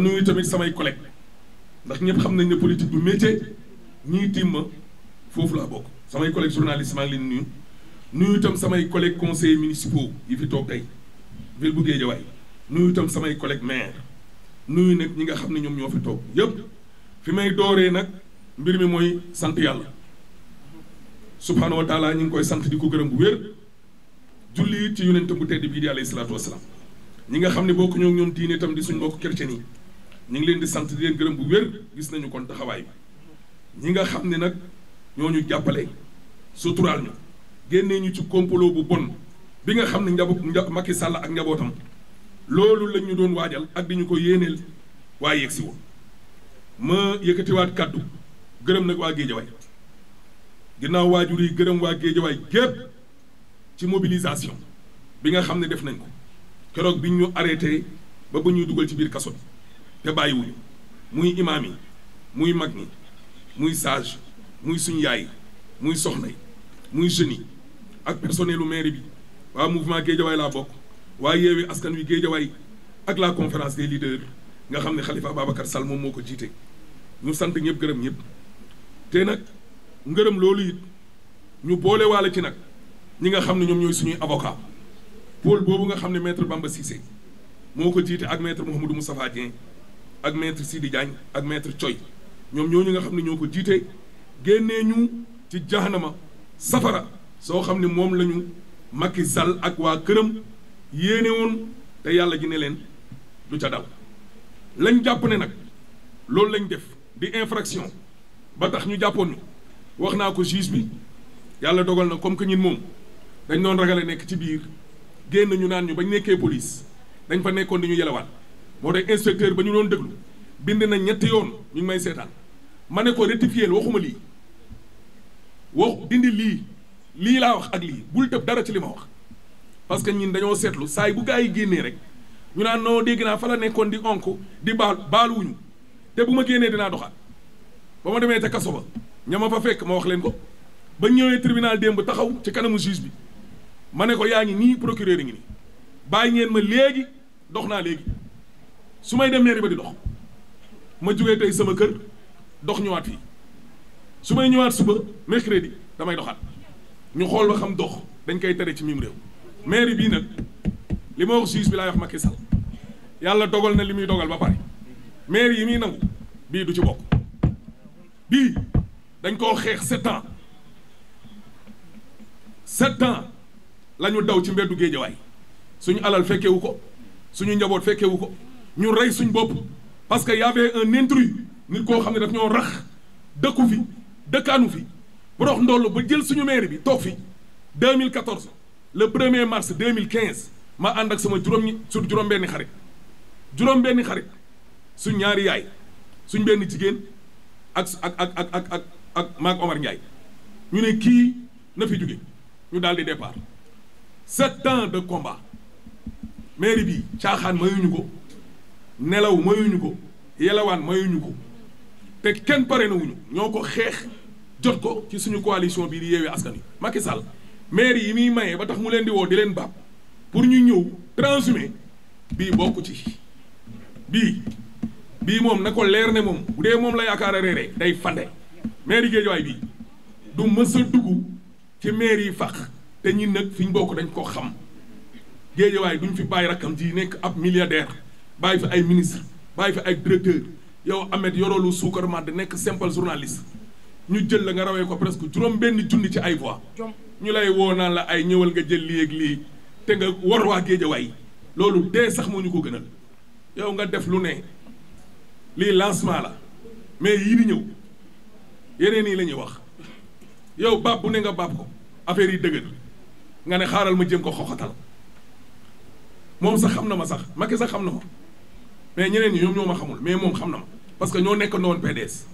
nuyu tamit samay collègues ndax ñëpp xam nañ ne politique du métier ñii ma foofu laa bokk samay collègues journalistes maa ngi nuyu nuyu itam samay collègues conseillers municipaux yi fi toog tey ville bu Guédiawaye nuyu itam samay collègues maire nuyu ñi nga xam ne ñoom ñoo fi toog yëpp fi may dooree nag mbir mi mooy sant yàlla subhaanahu wa taala ñu ngi koy sant di ko gërëm bu wér julli ci yonent bu tedd bii di alayhi salaatu wasalaam ñi nga xam ne bokk ñoo ñoom diine itam di suñ mbokk chrétien yi ñu ngi leen di sant di leen gërëm bu wér gis nañu kon taxawaay bi ñi nga xam ni nag ñoo ñu jàppale suturaal ñu génnee ñu ci complot bu bon bi nga xam ne njaboot Macky Sall ak njabootam loolu lañ ñu doon waajal ak di ñu ko yéeneel waa yegg si woon ma yëkkatiwaat kàddu gërëm nag waa Géejawaay ginnaaw waajur yi gërëm waa Géejawaay gépp ci mobilisation bi nga xam ne def nañ ko keroog bi ñu arrêté ba bu ñuy dugal ci biir kaso bi te bàyyiwuñ muy imaam muy mag ñi muy sage muy suñu yaay muy soxna yi muy jeunes ak personnel lu mairie bi waa mouvement géejawaay laa bokk waa yeewi askan wi géejawaay ak la conférence des leaders nga xam ne Khalifa Ababacar Sall moom moo ko jiite ñu sant ñëpp gërëm ñëpp te nag ngërëm loolu it ñu boole waale ci nag ñi nga xam ne ñoom ñooy suñuy avocat pôle boobu nga xam ne metre Bamba Cissé moo ko jiite ak mu maître mu Moustapha Dieng ak maître Sidi Diagne ak maître Coy ñoom ñoo ñu nga xam ne ñoo ko jiite génnee ñu ci jahanama safara soo xam ne moom lañu ñu Macky Sall ak waa këram yéene woon te yàlla ji ne leen du ca dal lañ jàpp ne nag loolu lañ def di infraction ba tax ñu jàppoon ñu wax naa ko juge bi yàlla dogal na comme que ñun moom dañ doon ragale nekk ci biir génn ñu naan ñu bañ nekkee police dañ fa nekkoon di ñu yelewaan moo tax inspecteur ba ñu doon déglu bind na ñetti yoon ñu may seetaan ma ne ko rectifier waxuma lii wax dindi lii lii laa wax ak lii bul tëb dara ci li ma wax parce que ñun dañoo seetlu saa yi bu gaa yi génnee rek ñu naan noo dégg naa fa la nekkoon di onk di baal baaluwuñu te bu ma génnee dinaa doxaat ba ma demee ca kaso ba ña ma fa fekk ma wax leen ko ba ñëwee tribunal démb taxaw ci kanamu juge bi ma ne ko yaa ngi nii procureur ngi nii bàyyi ngeen ma léegi dox naa léegi. su may dem mairie ba di dox ma jógee tey sama kër dox ñëwaat fii su may ñëwaat suba mercredi damay doxaat ñu xool ba xam dox dañ koy tere ci mim réew mairie bii nag li ma wax juge bi laay wax Macky Sall yàlla dogal na li muy dogal ba pare mairie yi muy nangu bii du ci bokk bii dañ koo xeex sept ans sept ans la ñu daw ci mbeddu géejawaay suñu alal fekkewu ko suñu njaboot fekkewu ko ñu rey suñ bopp parce que y avait un intrus nit koo xam ne daf ñoo rax dëkku fi dëkkaanu fi prox ndoll ba jël suñu mairie bi toog fi 2014 le premier mars 2015 ma ànd ak sama juróom sur juróom-benni xarit juróom-benni xarit suñ ñaari yaay suñ benn jigéen ak ak ak ak ak ak Omar Ndiaye ñu ne kii na fi jóge ñu daal di départ sept ans de combat mairie bi caaxaan mayuñu ko. nelaw moyuñu ko yelawaan moyuñu ko te kenn pare nawuñu ñoo ko xeex jot ko ci suñu coalition bii di yeewee askan wi Macky Sall maire yi muy maye ba tax mu leen di woo di leen baab pour ñu ñëw transhumé bii bokk ci bii bii moom na ko leer ne moom bu dee moom la yaakaar a reeree day fande maire yi Géejawaay bii du mës a dugg ci maire yi fax te ñi nag fi bokk dañ ko xam Géejawaay duñ fi bàyyi rakkam ji nekk ab milliardaire bàyyi fi ay ministre bàyyi fi ay directeur yow Ahmed yoroolu suukar màdd nekk simple journaliste ñu jël la nga rawee ko presque juróom benn junni ci ay voix ñu lay woo naan la ay ñëwal nga jël lii ak lii te nga war waa géejawaay loolu dee sax moo ñu ko gënal yow nga def lu ne lii lancement la mais yii di ñëw yeneen yi la ñuy wax yow baab bu ne nga baab ko affaire yi dëgër nga ne xaaral ma jéem ko xoxatal moom sax xam na ma sax Macky sax xam na ma mais ñeneen ñi ñoom ñoo ma xamul mais moom xam na ma parce que ñoo nekk noon PDS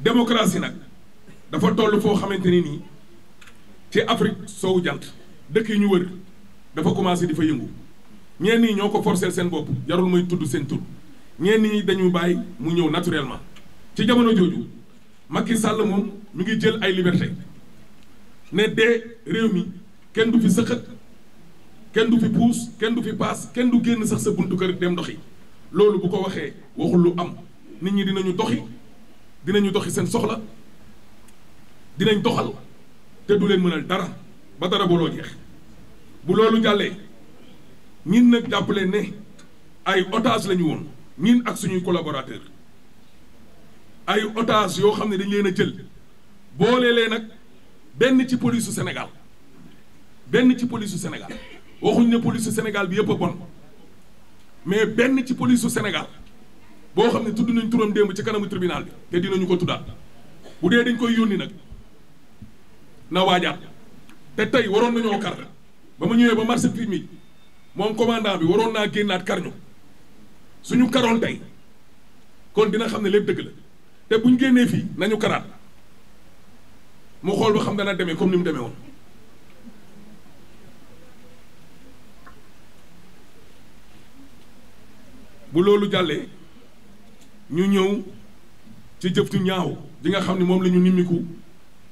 démocratie nag dafa toll foo xamante ni nii ci Afrique soowu jant dëkk yi ñu wër dafa commencé di fa yëngu ñenn ñi ñoo ko forcer seen bopp jarul muy tudd seen tur ñenn ñi dañuy bàyyi mu ñëw naturellement ci jamono jooju Macky Sall moom mu ngi jël ay liberté ne dee réew mi kenn du fi sëqat kenn du fi puus kenn du fi paas kenn du génn sax sa buntu kër dem doxi loolu bu ko waxee waxul lu am nit ñi dinañu doxi dinañu doxi seen soxla dinañ doxal te du leen mënal dara ba dara booloo jeex bu loolu jàllee ñin nag jàppale ne ay otage lañu woon ñin ak suñuy collaborateur ay otage yoo xam ne dañ leen a jël booleelee nag benn ci police su benn ci police su Sénégal waxuñ ne police su bi yëpp bon mais benn ci police su Sénégal boo xam ne tudd nañ turam démb ci kanamu tribunal bi te dinañu ko tuddaat bu dee dañ koy yónni nag na waajaat te tey waroon nañoo kar ba ma ñëwee ba marché Crimi moom commandant bi waroon naa génnaat karñu suñu karoon tey kon dina xam ne lépp dëgg la te buñ génnee fii nañu karaat. mu xool ba xam dana demee comme ni mu demee woon bu loolu jàllee ñu ñëw ci jëf jëftu ñaaw di nga xam ne moom lañu ñu nimmiku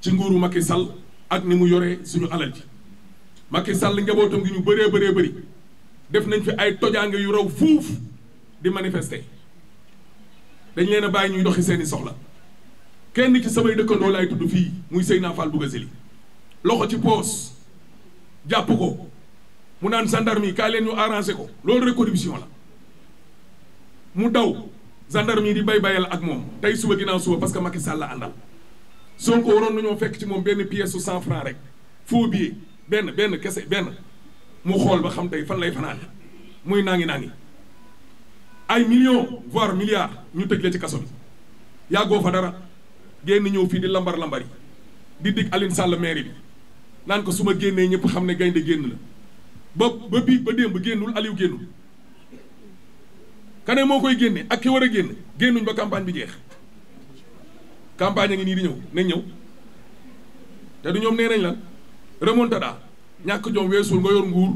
ci nguuru Macky Sall ak ni mu yoree suñu alal ji Macky Sall njabootam gi ñu bëree bëree bëri def nañ fi ay tojaange yu raw fuuf di manifester dañ leen bàyyi ñuy doxi seeni soxla kenn ci samay dëkkandoo laay tudd fii muy Seyna Fall Bougazelli loxo ci poos jàpp ko mu naan gendarme yi kaay leen ñu arrangé ko loolu rek corruption la mu daw gendarme yi di bay bayal ak moom tey suba ginnaaw suba parce que Macky Sall la àndal Sonko waroon nañoo fekk ci moom benn pièce su franc rek faux billet benn benn kese benn mu xool ba xam tey fan lay fanaan muy naangi naangi ay millions voire milliards ñu tëj la ci kaso bi yàggoo fa dara. génn ñëw fii di lambar lambari di dig alin Sall maire bi naan ko su génnee ñëpp xam ne gaynde génn la ba ba bii ba démb génnul Aliou génnul kane moo koy génne ak ki war a génn génnuñ ba campagne bi jeex campagne a ngi nii di ñëw nañ ñëw te du ñoom nee nañ la remontada ñàkk jom weesul nga yor nguur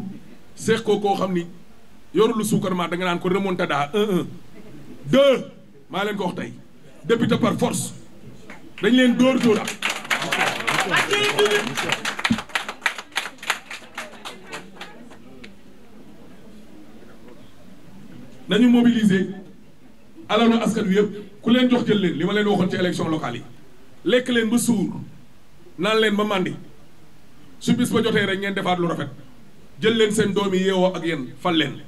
seex ko koo xam ni yorul suukar danga naan ko remontada un un deux maa leen ko wax tey député par dañ leen dóor dóora nañu mobiliser alalu askan wi yëpp ku leen jox jël leen li ma leen waxoon ci élection locale yi lekk leen ba suur naan leen ba màndi su bis ba joxee rek ngeen defaat lu rafet jël leen seen doom yi yeewoo ak yéen fal leen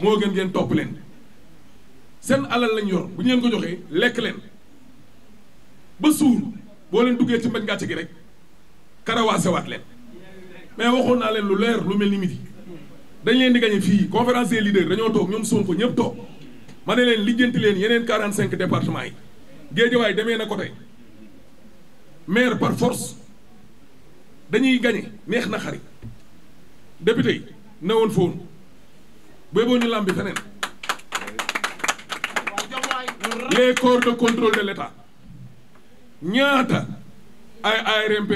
moo gën ngeen topp leen seen alal lañ yor bu ñu leen ko joxee lekk leen ba suur boo leen duggee ci mbaj gàcce gi rek karawaase waat leen mais waxoon naa leen lu leer lu mel ni midi dañ leen di gañe fii conférence des leaders dañoo toog ñoom Sonko ñëpp toog ma ne leen lijjanti leen yeneen 45 départements yi Géejawaay demee na côté maire par force dañuy gañe neex na xarit député yi ne woon foon ñu làmbi feneen les corps de contrôle de l' ñaata ay ARMP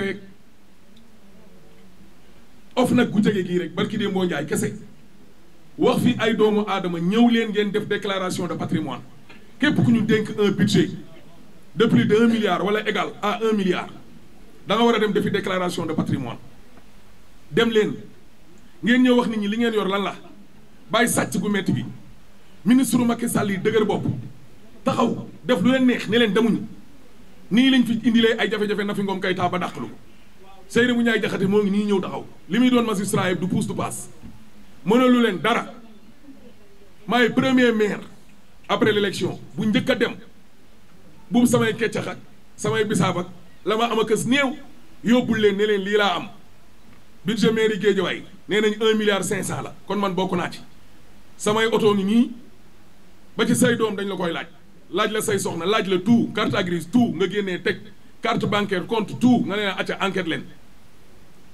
of nag ku jege gii rek barki Demba Ndiaye kese wax fi ay doomu aadama ñëw leen ngeen def déclaration de patrimoine képp ku ñu dénk un budget de plus de un milliard wala égal à un milliard da war a dem defi déclaration de patrimoine dem leen ngeen ñëw wax nit ñi li ngeen yor lan la bàyyi sàcc gu metti bi ministre Macky Sall yi dëgër bopp taxaw def lu leen neex ne leen demuñu. nii lañ fi indilee ay jafe-jafe na kay taa ba dàqlu ko Seydou bu ñaay jaxate moo ngi nii ñëw taxaw li muy doon magistrat yëpp du pousse du passe mënalu leen dara maay premier maire après l'élection bu njëkk a dem buubu samay keccax ak samay bisaab ak la ma am a kës néew yóbbul leen ne leen lii laa am budget mairie Guédiawaye nee nañ un milliard cinq cent la kon man bokk naa ci samay oto ngi nii ba ci say doom dañ la koy laaj laaj la say soxna laaj la tout carte grise tout nga génnee teg carte bancaire compte tout nga ne acca enquête leen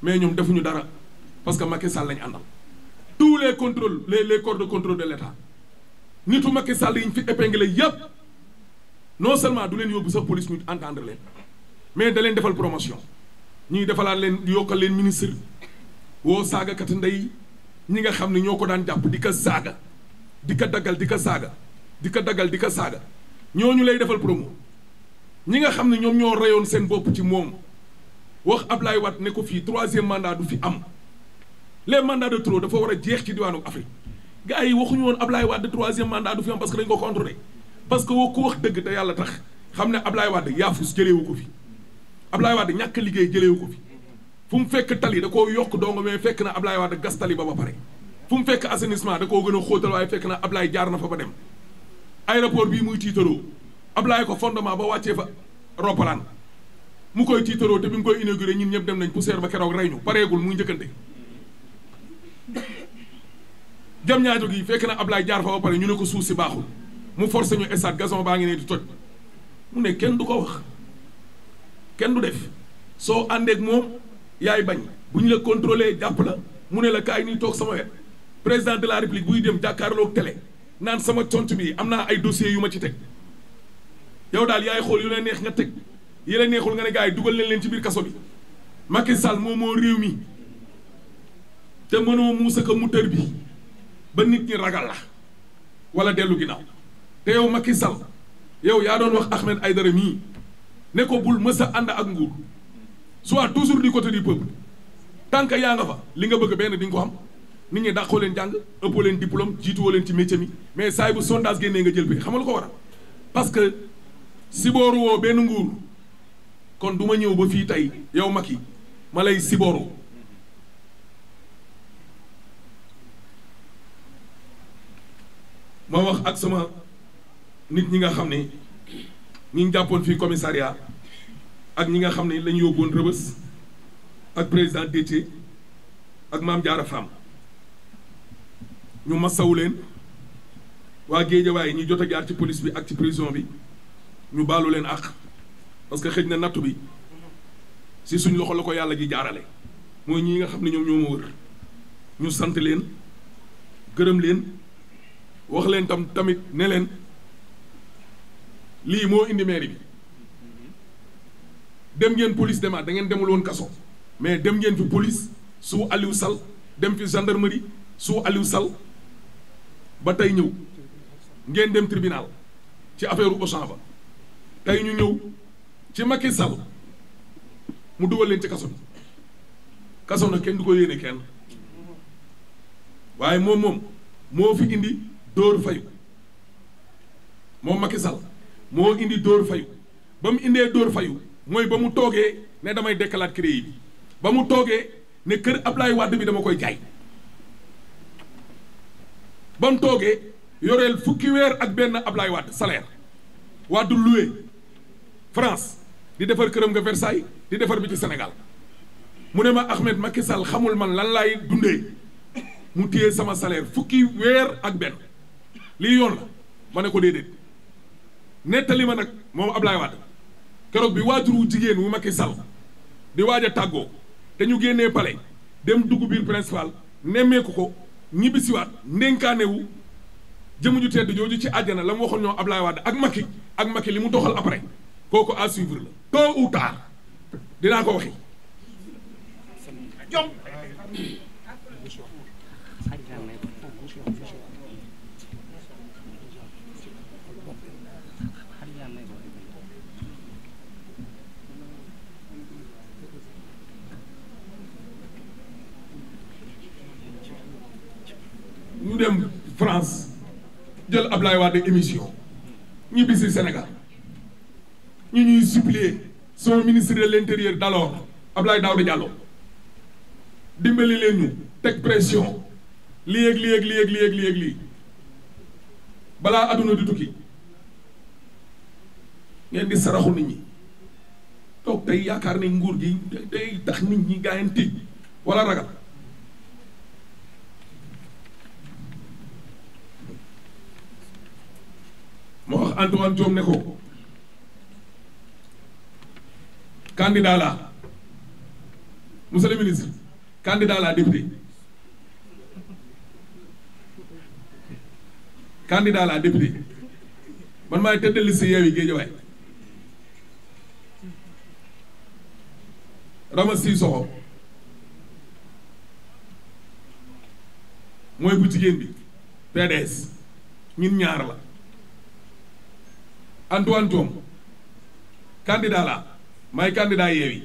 mais ñoom defuñu dara parce que Macky Sall lañ àndal tous les contrôles les les corps de contrôle de l'État nitu Macky Sall yi ñu fi épinglé yépp non seulement du leen yóbbu sax police ñu entendre leen mais da leen defal promotion ñuy defalaat leen yokkal leen ministre woo saagakat ndey ñi nga xam ne ñoo ko daan jàpp di ko saaga di ko daggal di ko saaga di ko daggal di ko saaga ñooñu lay defal promo ñi nga xam ne ñoom ñoo reyoon seen bopp ci moom wax Ablaye Wade ne ko fii troisième mandat du fi am les mandats de trop war a jeex ci diwaanu Afrique gars yi waxuñu woon Ablaye Wade troisième mandat du fi am parce que dañ ko contrôlé parce que woo ko wax dëgg te yàlla tax xam ne Ablaye Wade yaafus jëleewu ko fi Ablaye Wade ñàkk liggéey jëleewu ko fi fu mu fekk tali da koo yokk dong mais fekk na Ablaye Wade gas tali ba ba pare fu mu fekk assainissement da koo gën a xóotal waaye fekk na Ablaye jaar na fa ba dem aéroport bii muy tiitaroo Ablaye ko fondement ba wàccee fa roppalaan mu koy tiitaroo te bi mu koy inauguré ñun ñëpp dem nañ poussière ba keroog rey ñu pareegul mu njëkkante jam ñaajo gi fekk na Ablaye jaar fa ba pare ñu ne ko suuf si baaxul mu forcé ñu stade gazon baa ngi ne di toj mu ne kenn du ko wax kenn du def soo àndeek moom yaay bañ bu ñu la contrôlé jàpp la mu ne la kaay ñuy toog sama wet président de la république buy dem jàkkaarloog télé naan sama cont bi am naa ay dossiers yu ma ci teg yow daal yaay xool yu la neex nga teg yi la neexul nga ne gars yi dugal leen leen ci biir kaso bi Macky sal moom moo réew mi te mënoo muusa ko mu tër bi ba nit ñi ragal la wala dellu ginnaaw te yow Macky Sall yow yaa doon wax ay Aïdara mii ne ko bul mës ànd ak nguur soit toujours du côté du peuple tant que yaa nga fa li nga bëgg benn di ko xam nit ñi dàqoo leen jàng ëppoo leen diplôme jiituwoo leen ci métier mais saay bu sondage génnee nga jël bi xamal ko war a parce que sibooru woo benn kon du ma ñëw ba fii tey yow mag yi ma lay sibooru wax ak sama nit ñi nga xam ne ñi ñu fii commissariat ak ñi nga xam ne lañu yóbboon rëbës ak président Déthié ak maam jaara Fam ñu masawu leen waa Géejawaay ñuy jot a jaar ci police bi ak ci prison bi ñu baalu leen àq parce que xëj na nattu bi si suñ loxo la ko yàlla ji jaarale mooy ñi nga xam ne ñoom ñoo ma wër ñu sant leen gërëm leen wax leen tam tamit ne leen lii moo indi mairie bi dem ngeen police demaat da ngeen demul kaso mais dem ngeen fi police su Aliou Sall dem fi gendarmerie su Aliou Sall ba tey ñëw ngeen dem tribunal ci affaire Auchan ba tey ñu ñëw ci Macky Sall mu dugal leen ci kaso bi kaso nag kenn du ko yéene kenn waaye moom moom moo fi indi dóor fayu moom Macky Sall moo indi dóor fayu ba mu indee dóor fayu mooy ba mu toogee ne damay dekkalaat crédit bi ba mu toogee ne kër Ablaye Wade bi dama koy jaay ba toogee yoreel fukki weer ak benn Ablaye Wade salaire Wade loué France di defar këram nga Versailles di defar bi ci senegal mu ne ma Ahmed Macky sal xamul man lan laay dundee mu téye sama salaire fukki weer ak benn lii yoon la ma ne ko déedéet nettali ma nag moom Ablaye Wade keroog bi waajuru jigéen wu makki Sall di waaja tàggoo te ñu génnee palais dem dugub biir principal nemmeeku ko ñibbisiwaat ndénkaanewu jëmuñu tedd jooju ci àjjana la mu waxoon ñoo Ablaye Wade ak Macky ak makki li mu doxal après kooku à suivre la. tôt ou dinaa ko waxi jom dem France jël Ablaye Wade émission ñibbi si Sénégal ñu ñuy supplier son ministre de l'intérieur d'alors Ablaye Daouda Diallo dimbali leen ñu teg pression lii ak lii ak lii ak lii ak lii ak lii balaa adduna di tukki ngeen di saraxu nit ñi toog tey yaakaar ne nguur gi day tax nit ñi gaayanti wala ragal wax Antoine ne ko candidat la monsieur le ministre candidat la député candidat la député man maay tëdd liste Yewwi Guédiawaye mooy bu jigéen bi PDS ñun ñaar la Antoine Diome candidat la may candidat Yewwi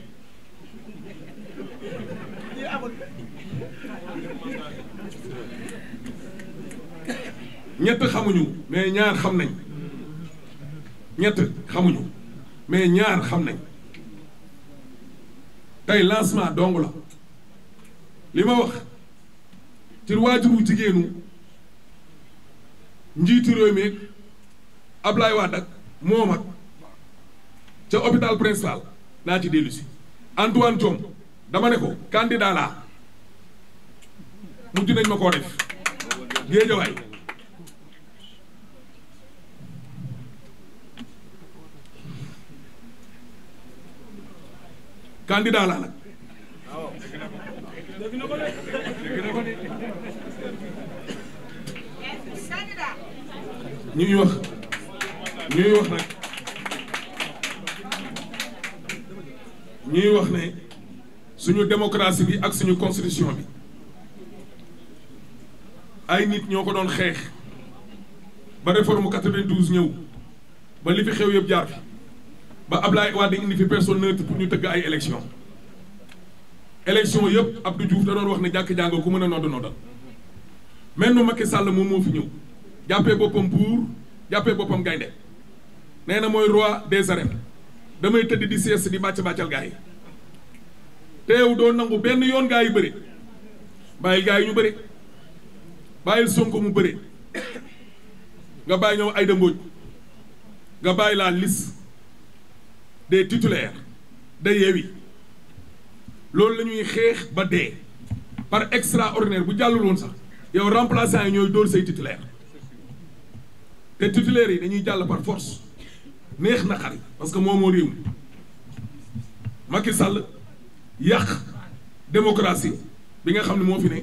ñett xamuñu mais ñaar xam nañ ñett xamuñu mais ñaar xam nañ tey lancement dong la li ma wax ci waajuru jigéenu njiitu réew mi Ablaye Wade ak moo mag ca hôpital principal naa ci dellu si dama ne ko candidat laa mujj nañ ma koo def géejawaay candidat laa ñuy wax nag ñuy wax ne suñu démocratie bi ak suñu constitution bi ay nit ñoo ko doon xeex ba réforme 92 ñëw ba li fi xew yëpp jaar fi ba Ablaye Wade indi fi personne neutre pour ñu tëgg ay élection élection yëpp Abdou Diouf da doon wax ne jàkk jàngoo ku mën a nodd noddal mais nu Macky sàll moom moo fi ñëw jàppee boppam buur jàppee boppam gaynde nee na mooy roi des arènes damay tëdd di sieste di bàcc bàccal gaa yi teew doo nangu benn yoon gaa yi bëri bàyyil gaa yi ñu bëri bàyyil Sonko mu bëri nga bàyyi ñëw Aïda Mbodj nga bàyyi la liste des titulaires de Yewwi loolu la ñuy xeex ba dee par extraordinaire bu jàllul woon sax yow remplaçant yi ñooy dóor say titulaire te titulaires yi dañuy jàll par force neex na xari parce que moo moo réew mi Macky Sall yàq démocratie bi nga xam ne moo fi ne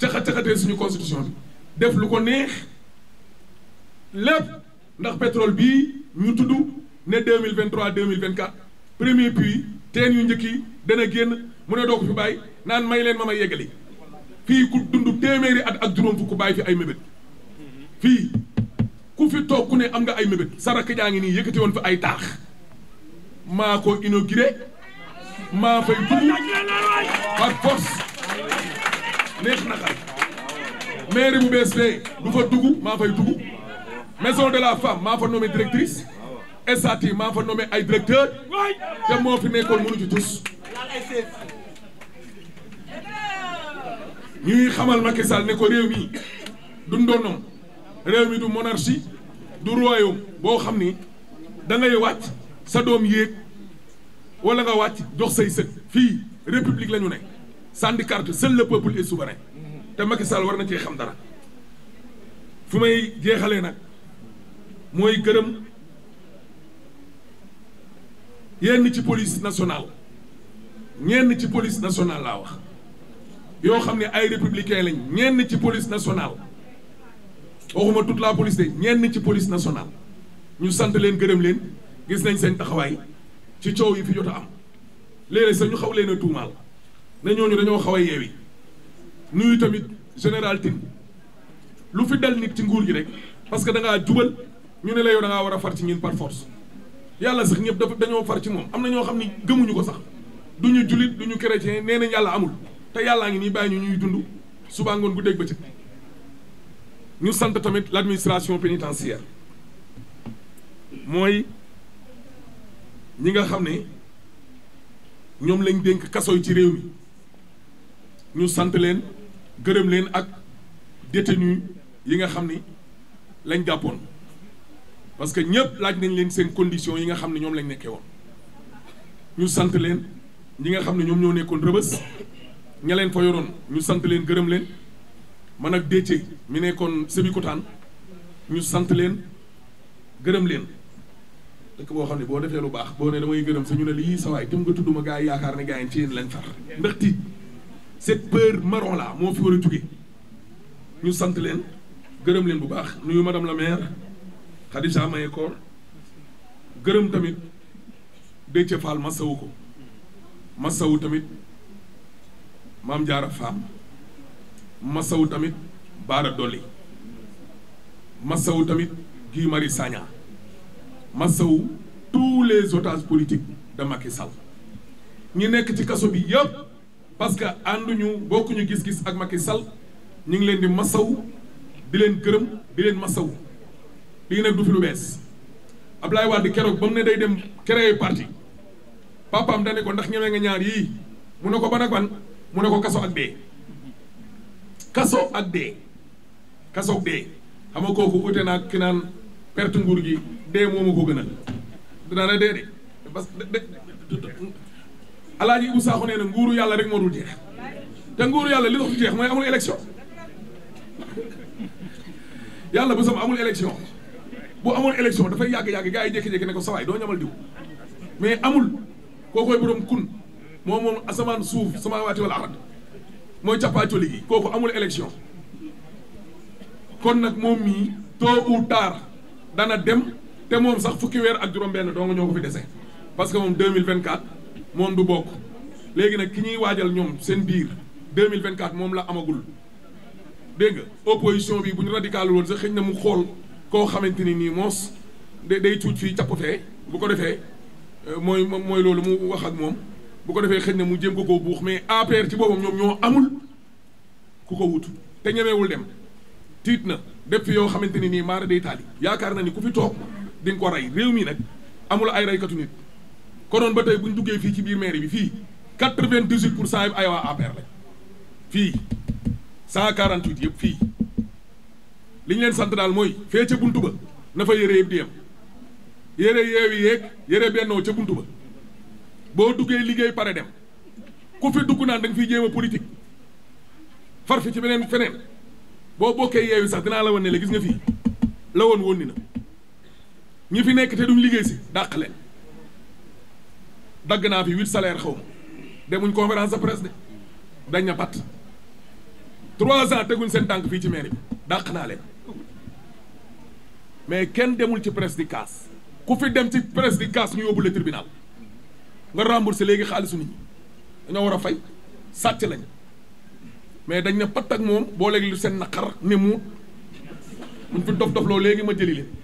caxa-caxatee suñu constitution bi def lu ko neex lépp ndax pétrole bii ñu tudd ne deux mille vingt trois deux mille vingt quatre premier puits teen yu njëkk yi dana génn mu ne doo ko fi bàyyi naan may leen ma may yeggali fii ku dund téeméeri at ak juróom fukk bàyyi fi ay mébét fii ku fi toog ku ne am nga ay mébét saraka jaa ngi nii yëkkati woon fi ay taax maa ko inauguré maa fay dugg par force neex na xar mairie bu bees bee du fa dugg maa fay dugg maison de la femme maa fa nommé directrice SAT maa fa nommé ay directeur te moo fi nekkoon mënu tus ñuy xamal Macky Sall ne ko réew mi dundoonam réew mi du monarchie du royaume boo xam ni da wàcc sa doom yéeg wala nga wàcc jox say sët fii république la ñu ne sandicarte seul le peuple est souverain te Macky Sall war na cee xam dara fu may jeexalee nag mooy gërëm yenn ci police nationale ñenn ci police nationale laa wax yoo xam ne ay républicain lañ ñenn ci police nationale waxuma toute la police de ñenn ci police nationale ñu sant leen gërëm leen gis nañ seen taxawaay ci coow yi fi jot am léeg-léeg sax ñu xaw leen a tuumaal ne ñooñu dañoo xaw a yeewi nuyu tamit général Tine lu fi dal nit ci nguur gi rek parce que da ngaa jubal ñu ne la yow da war a far ci ñun par force yàlla sax ñëpp dafa dañoo far ci moom am na ñoo xam ni gëmuñu ko sax du ñu jullit du ñu chrétien nee nañ yàlla amul te yàllaa ngi nii bàyyi ñu ñuy dund suba ngoon bu dégg ba ci ñu sant tamit l'administration pénitentiaire mooy ñi nga xam ne ñoom lañ dénk kaso yi ci réew mi ñu sant leen gërëm leen ak détenu yi nga xam ni lañ jàppoon parce que ñëpp laaj nañ leen seen conditions yi nga xam ne ñoom lañ nekkee woon ñu sant leen ñi nga xam ne ñoom ñoo nekkoon rëbës ña leen fa yoroon ñu sant leen gërëm leen man ak Déthié mi nekkoon Sébikotane ñu sant leen gërëm leen dëkk boo xam ne boo defee lu baax boo ne damay gërëm sa ñu ne lii sa tum tëm nga tudduma gars yi yaakaar ne gars yi ci yéen lañ far ndax tiit cette peur moo fi war a jóge ñu sant leen gërëm leen bu baax nuyu madame la maire Khadija Maye Koor gërëm tamit Déthié Fall masawu ko masawu tamit maam jaara faam masawu tamit Baara Dolli masawu tamit Guy Marius Sagna masawu tous les otages politiques de Macky sal ñi nekk ci kaso bi yëpp parce que ànduñu bokkuñu gis-gis ak Macky sal ñu ngi leen di masawu bi leen gërëm bi leen masawu lii nag du fi lu bees Ablaye Wade keroog ba mu ne day dem créer parti papaam dane ko ndax ñeme nga ñaar yii mu ne ko ban ak ban mu ne ko kaso ak dee kaso ak dee kaso ak dee xam nga kooku ute naa ki naan perte nguur gi dee moomu ko gënal dinaa ne dee de alaaji Ibou nee na nguuru yàlla rek moo dul jeex te nguuru yàlla li tax du jeex mooy amul élection yàlla bu sama amul élection dafay yàgg-yàgg gars yi jékki-jékki ne ko sawaay doo ñamal diw mais amul koo koy borom kun moom moom asamaan suuf sama waati wala arad mooy càppaacoli gi kooku amul élection kon nag moom mii tôt ou dana dem te moom sax fukki weer ak juróom-benn doo nga ñoo ko fi dese parce que moom 2024 moom du bokk léegi nag ki ñuy waajal ñoom seen biir 2024 moom la amagul dégg nga opposition bi bu ñu radical woon sax xëy na mu xool koo xamante ni nii moos day tuuj fii cappatee bu ko defee euh, mooy mooy loolu mu wax ak moom. bu ko defee xëy na mu jéem ko koo buux mais APR ci boobam ñoom ñoo amul ku ko wut te ñemeewul dem tiit na def fi yoo xamante ni nii maara day taali yaakaar na ni ku fi toog di nga ko rey réew mi nag amul ay reykatu nit konoon ba tey bu ñu duggee fii ci biir mairie bi fii quatre-vingt-dix-huit pour cent yëpp ay waa APR lañ fii cent yëpp fii li ñu leen sant daal mooy fee ca buntu ba na fa yére yëpp di yem yére yeewi yeeg yére bennoo ca buntu ba boo duggee liggéey pare dem ku fi dugg naan da nga fiy jéem a politique far fi ci beneen feneen boo bokkee yeewi sax dinaa la wan la gis nga fi la woon woon ni na ñi fi nekk te duñ liggéey si dàq leen dagg naa fi huit salaire xaw ma demuñ conférence de presse de dañ a pat trois ans teguñ seen tànk fii ci mairie bi dàq naa leen mais kenn demul ci presse di kaas ku fi dem ci presse di kaas ñu yóbbu le nga si léegi xaalisu nit ñi dañoo war a fay sàcc lañ mais dañ ne patt ak moom boo léegi lu seen naqar ne muut buñ fi dof dof loo léegi ma jëli leen